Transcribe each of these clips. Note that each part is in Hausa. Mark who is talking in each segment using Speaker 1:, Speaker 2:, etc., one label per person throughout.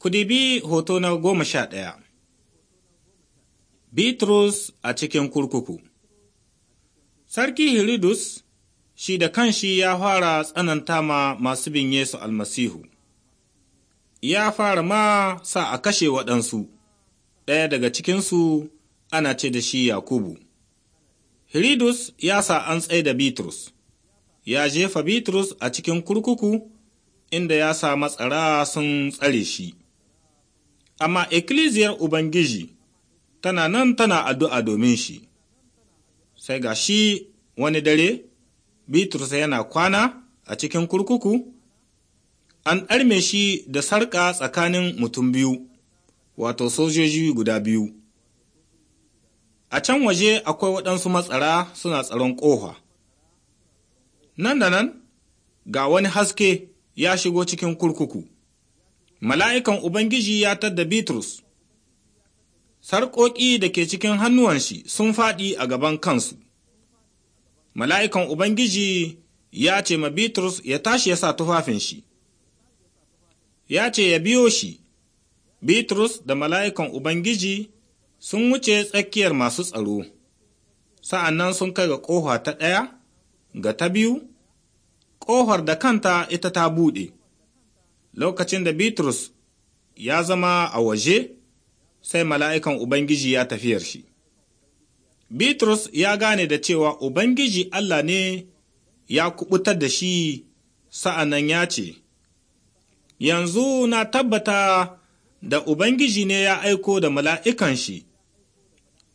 Speaker 1: Ku bi hoto na goma sha ɗaya. Bitrus a cikin kurkuku Sarki Hiridus shi da kanshi ya fara tsananta ma masu bin Yesu almasihu, ya fara ma sa a kashe waɗansu, ɗaya daga cikinsu ana ce da shi Yakubu. Hiridus ya sa an tsaye da Bitrus, ya jefa Bitrus a cikin kurkuku inda ya sa matsara sun tsare shi. amma ikkiliziyar Ubangiji tana nan tana addu'a domin shi, sai ga shi wani dare, Bitrus yana kwana a cikin kurkuku, an ɗarme shi da sarƙa tsakanin mutum biyu, wato sojoji guda biyu. A can waje akwai waɗansu matsara suna tsaron ƙofa. Nan da nan, ga wani haske ya shigo cikin kurkuku. mala'ikan Ubangiji ya tadda Bitrus, sarƙoƙi da ke cikin hannuwanshi sun faɗi a gaban kansu. Mala'ikan Ubangiji ya ce ma Bitrus ya tashi ya sa tufafin shi, ya ce ya biyo shi, Bitrus da mala'ikan Ubangiji sun wuce tsakiyar masu tsaro, sa'an nan sun kai ga ƙofa ta ɗaya, ga ta biyu, ƙofar da kanta ita ta buɗe. lokacin da Bitrus ya zama a waje, sai mala'ikan Ubangiji ya tafiyar shi. Bitrus ya gane da cewa Ubangiji Allah ne ya kubutar da shi sa'an ya ce, Yanzu na tabbata da Ubangiji ne ya aiko da mala'ikan shi,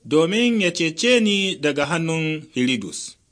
Speaker 1: domin ya cece ni daga hannun Hiridus.